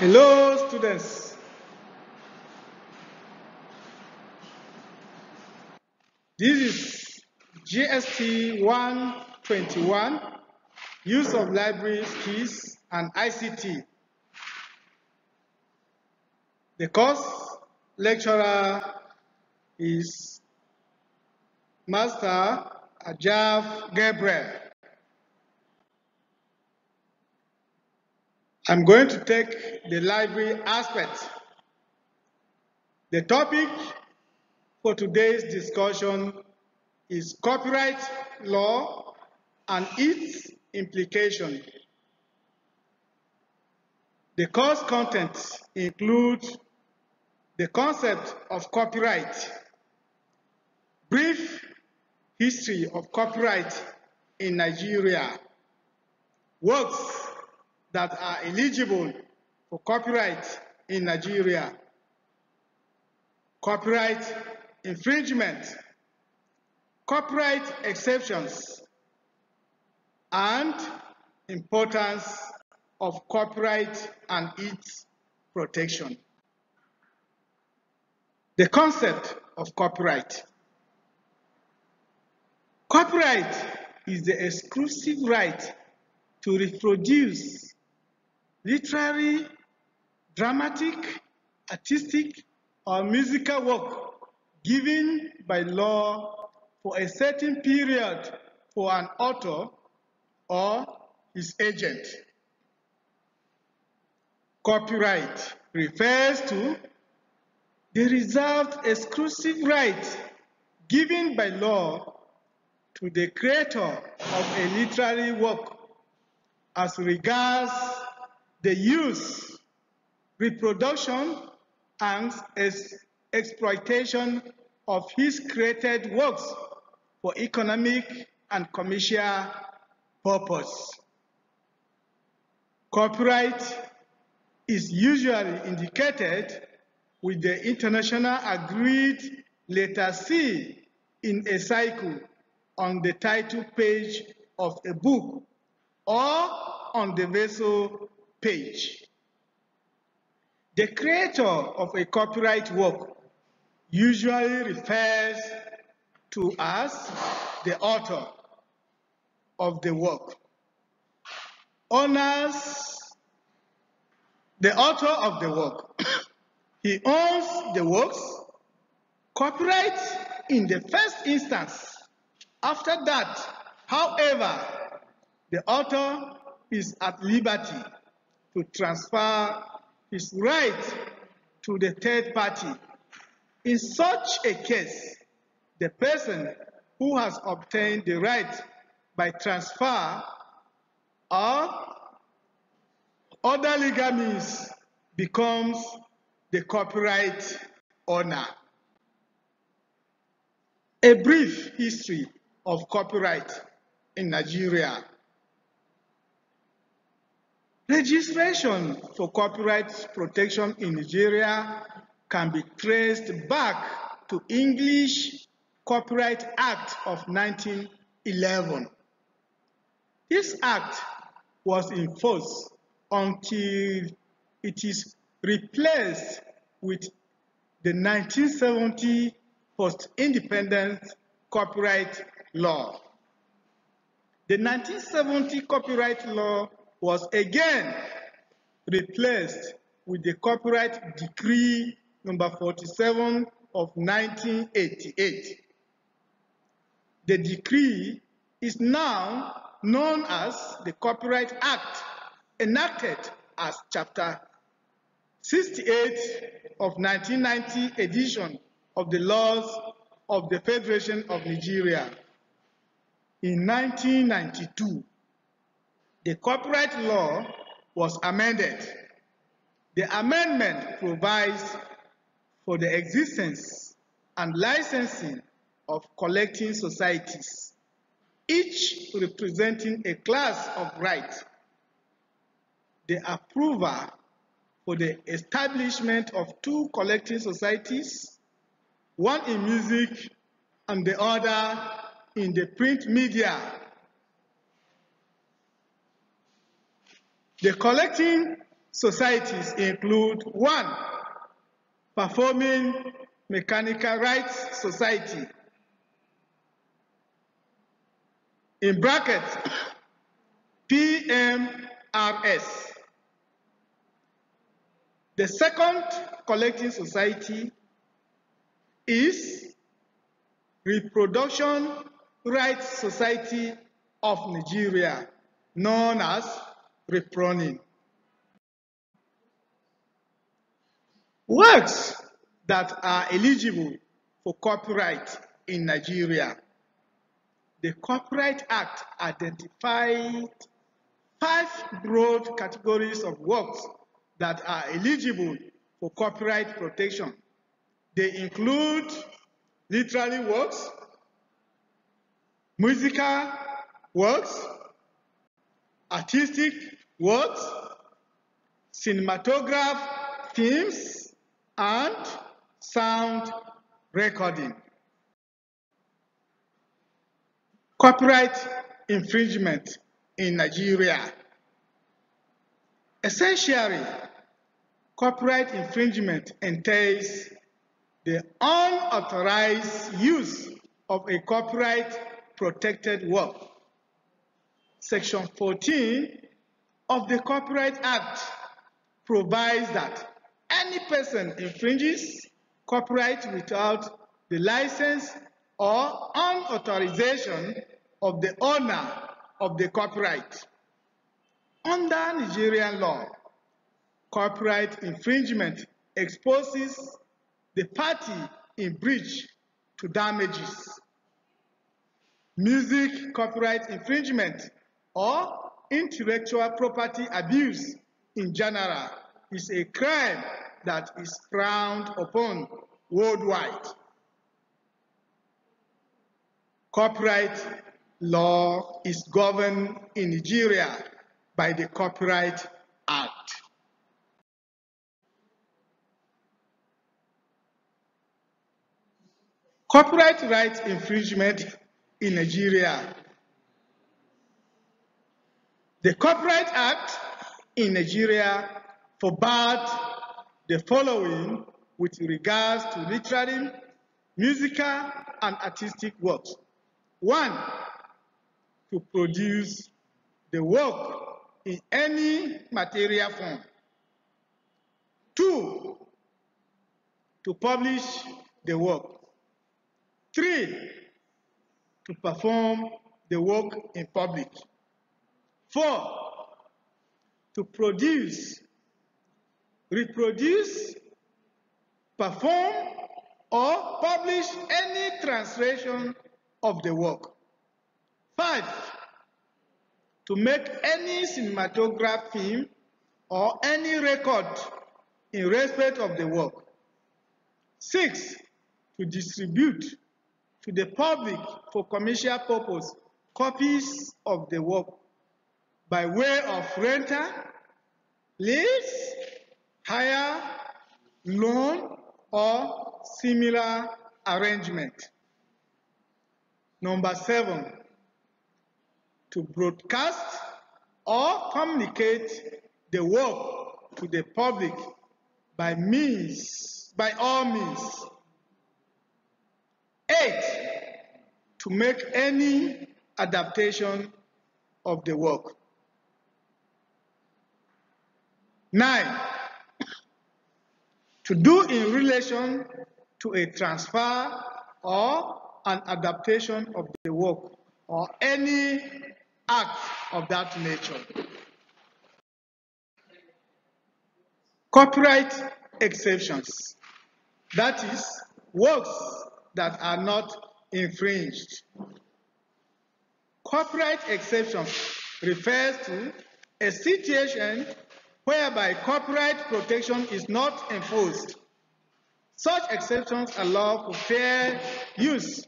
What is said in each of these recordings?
Hello students. This is GST 121, Use of Libraries, Keys and ICT. The course lecturer is Master Ajav Gabriel. I'm going to take the library aspect. The topic for today's discussion is copyright law and its implication. The course content includes the concept of copyright, brief history of copyright in Nigeria, works that are eligible for copyright in Nigeria. Copyright infringement, copyright exceptions, and importance of copyright and its protection. The concept of copyright. Copyright is the exclusive right to reproduce literary, dramatic, artistic, or musical work given by law for a certain period for an author or his agent. Copyright refers to the reserved exclusive right given by law to the creator of a literary work as regards the use, reproduction, and exploitation of his created works for economic and commercial purpose. Copyright is usually indicated with the international agreed letter C in a cycle on the title page of a book or on the vessel page. The creator of a copyright work usually refers to as the author of the work. Owners, the author of the work. he owns the works. Copyright in the first instance. After that, however, the author is at liberty to transfer his right to the third party. In such a case, the person who has obtained the right by transfer or other legal means becomes the copyright owner. A brief history of copyright in Nigeria. Registration for copyright protection in Nigeria can be traced back to English Copyright Act of 1911. This act was in force until it is replaced with the 1970 post-independence copyright law. The 1970 copyright law was again replaced with the Copyright Decree number 47 of 1988. The decree is now known as the Copyright Act, enacted as Chapter 68 of 1990 edition of the laws of the Federation of Nigeria. In 1992, the copyright law was amended. The amendment provides for the existence and licensing of collecting societies, each representing a class of rights. The approval for the establishment of two collecting societies, one in music and the other in the print media The collecting societies include one, performing mechanical rights society, in brackets, PMRS. The second collecting society is Reproduction Rights Society of Nigeria, known as Works that are eligible for copyright in Nigeria. The Copyright Act identified five broad categories of works that are eligible for copyright protection. They include literary works, musical works, artistic what? Cinematograph themes and sound recording. Copyright infringement in Nigeria. Essentially, copyright infringement entails the unauthorized use of a copyright protected work. Section 14 of the Copyright Act provides that any person infringes copyright without the license or on authorization of the owner of the copyright. Under Nigerian law, copyright infringement exposes the party in breach to damages. Music copyright infringement or intellectual property abuse in general is a crime that is frowned upon worldwide. Copyright law is governed in Nigeria by the Copyright Act. Copyright rights infringement in Nigeria the Copyright Act in Nigeria forbade the following with regards to literary, musical, and artistic works. One, to produce the work in any material form. Two, to publish the work. Three, to perform the work in public. Four, to produce, reproduce, perform, or publish any translation of the work. Five, to make any cinematograph film or any record in respect of the work. Six, to distribute to the public for commercial purpose copies of the work by way of renter, lease, hire, loan, or similar arrangement. Number seven, to broadcast or communicate the work to the public by means, by all means. Eight, to make any adaptation of the work. Nine, to do in relation to a transfer or an adaptation of the work or any act of that nature. Copyright exceptions, that is, works that are not infringed. Copyright exceptions refers to a situation whereby copyright protection is not enforced. Such exceptions allow for fair use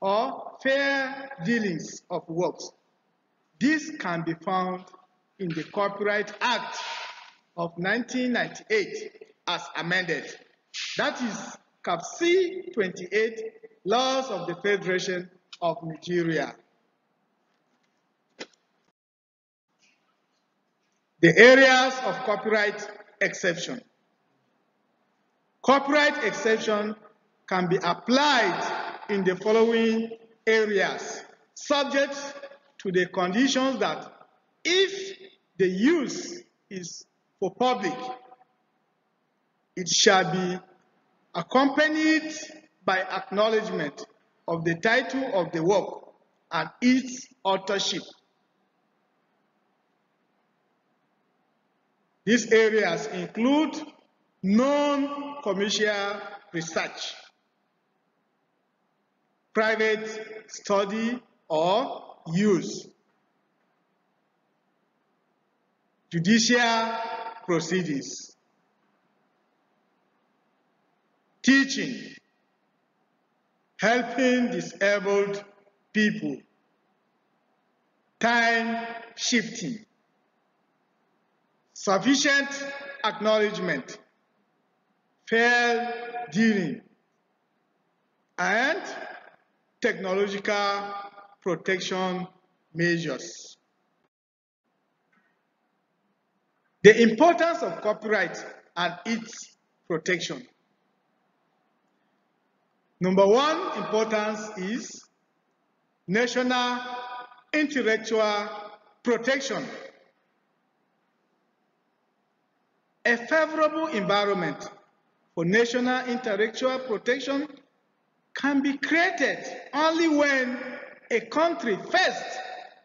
or fair dealings of works. This can be found in the Copyright Act of 1998 as amended. That is CAP C 28, Laws of the Federation of Nigeria. The areas of copyright exception. Copyright exception can be applied in the following areas, subject to the conditions that if the use is for public, it shall be accompanied by acknowledgement of the title of the work and its authorship. These areas include non-commercial research, private study or use, judicial proceedings, teaching, helping disabled people, time shifting, sufficient acknowledgement, fair dealing, and technological protection measures. The importance of copyright and its protection. Number one importance is national intellectual protection. a favorable environment for national intellectual protection can be created only when a country first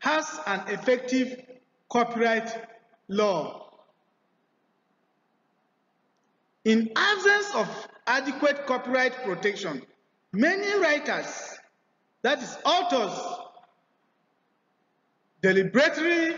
has an effective copyright law. In absence of adequate copyright protection, many writers, that is authors, deliberately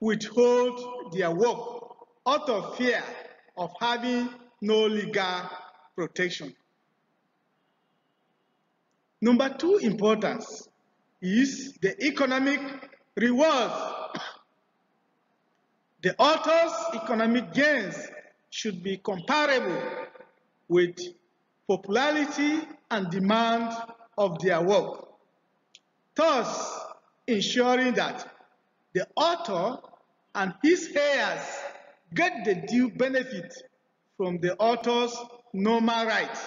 withhold their work out of fear of having no legal protection. Number two importance is the economic rewards. The author's economic gains should be comparable with popularity and demand of their work, thus ensuring that the author and his heirs get the due benefit from the author's normal rights.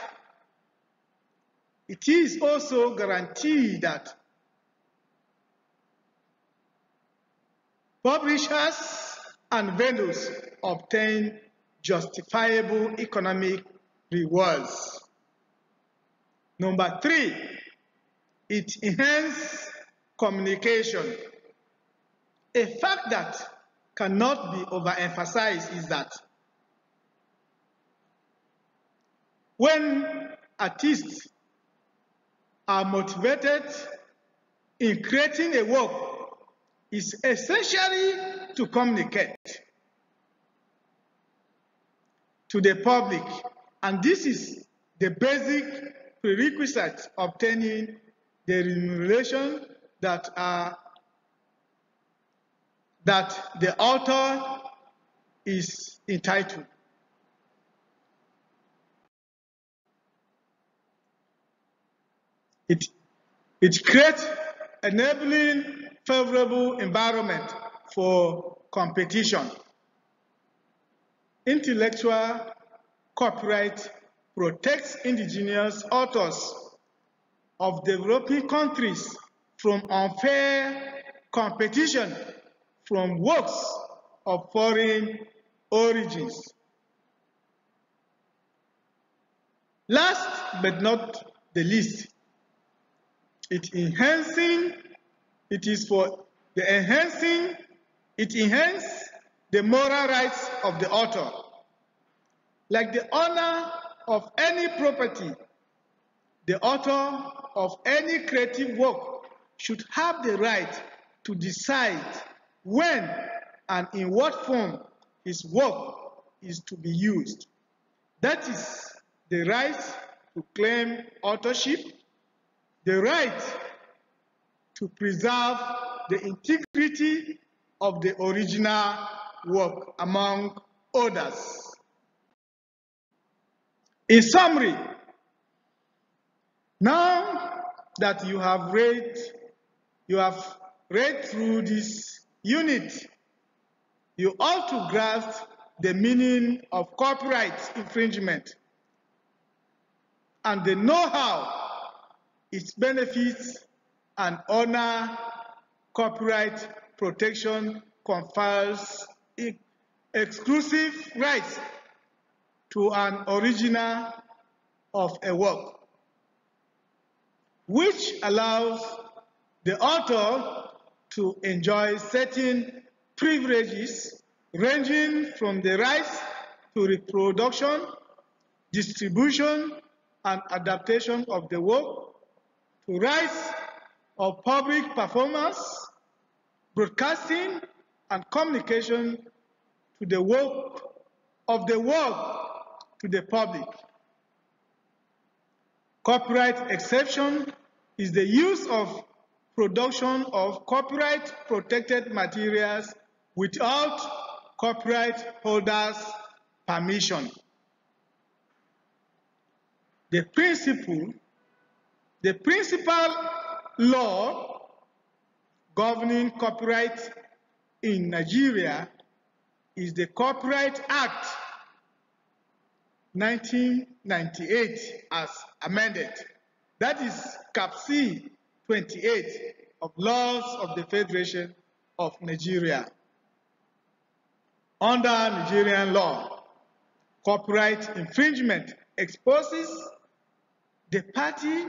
It is also guaranteed that publishers and vendors obtain justifiable economic rewards. Number three, it enhances communication. A fact that cannot be overemphasized is that when artists are motivated in creating a work is essentially to communicate to the public and this is the basic prerequisite obtaining the remuneration that are that the author is entitled. It, it creates enabling favorable environment for competition. Intellectual copyright protects indigenous authors of developing countries from unfair competition from works of foreign origins. Last but not the least, it enhancing, it is for the enhancing, it enhances the moral rights of the author. Like the owner of any property, the author of any creative work should have the right to decide when and in what form his work is to be used. That is the right to claim authorship, the right to preserve the integrity of the original work, among others. In summary, now that you have read, you have read through this unit, you ought to grasp the meaning of copyright infringement and the know-how, its benefits, and honor copyright protection confers exclusive rights to an original of a work, which allows the author to enjoy certain privileges ranging from the rights to reproduction, distribution, and adaptation of the work, to rights of public performance, broadcasting, and communication to the work of the work to the public. Copyright exception is the use of production of copyright protected materials without copyright holders' permission. The principle, the principal law governing copyright in Nigeria is the Copyright Act 1998 as amended. That is CAPC 28 of laws of the Federation of Nigeria. Under Nigerian law, copyright infringement exposes the party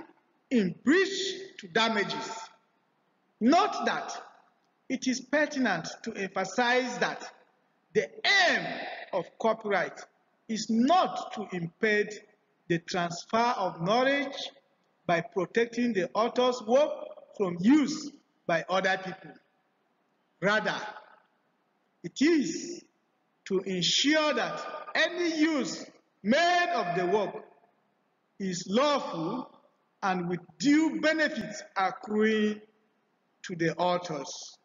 in breach to damages. Note that it is pertinent to emphasize that the aim of copyright is not to impede the transfer of knowledge by protecting the author's work from use by other people. Rather, it is to ensure that any use made of the work is lawful and with due benefits accruing to the authors.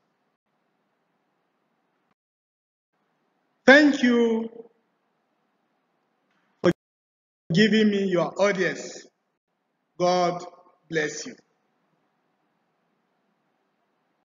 Thank you for giving me your audience. God bless you.